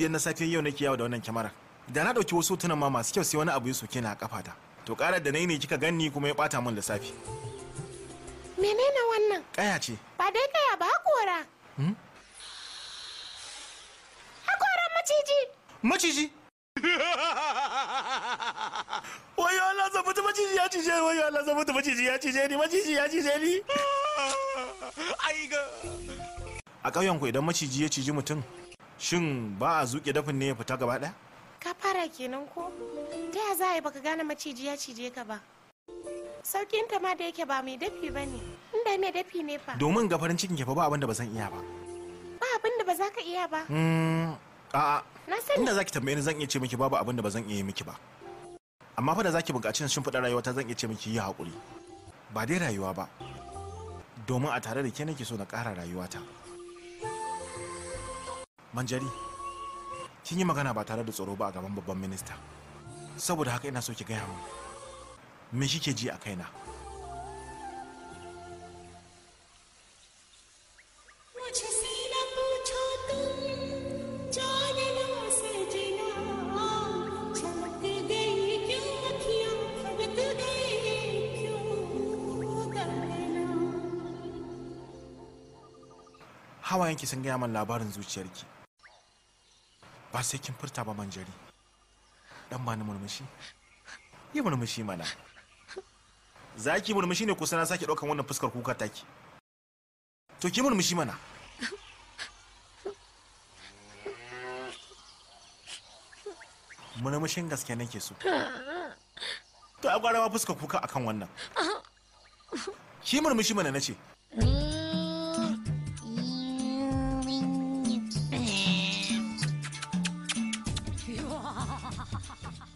biyar na safe yau nake yawo da wannan kyamara da na ɗauki wasu tunan ma masu kyau sai wani abu ya soke na a kafata to ƙarar da na yi ne kika ganni kuma ya ɓata min lissafi menene wannan ƙaya ce ba dai ƙaya ba hakora hakora hmm? maciji maciji wayo Allah zan mutu maciji ya cije wayo Allah zan mutu maciji ya cije ni maciji ya cije ni ai ga a ƙauyen ku idan maciji ya ciji mutum shin ba a zuke dafin ne ya fita gaba ɗaya? ka fara kenan ko ta ya za a yi baka gane maciji ya cije ka ba saukin ta ma da yake ba mai dafi ba ne inda mai dafi ne fa domin ga farin cikin ke fa ba abin da ba zan iya ba ba abin da ba za ka iya ba hmm, a na sani inda zaki tambaye ni zan iya ce miki babu abin da ba zan iya miki ba amma fa da zaki buƙaci shin fada rayuwa ta zan iya ce miki yi haƙuri ba dai rayuwa ba domin a tare da ke nake so na ƙara rayuwata. ta manjari kin yi magana ba tare da tsoro ba a gaban babban minista saboda haka ina so ki gaya min me kike ji a kaina hawayenki sun gaya min labarin zuciyarki ba sai kin furta ba manjari dan ba ni murmushi yi murmushi mana za ki murmushi ne kusa na sake ɗaukan wannan fuskar kuka taki to ki murmushi mana murmushin gaske nake so to a gwara ma fuskar kuka akan wannan ki murmushi mana na ce ha ha ha ha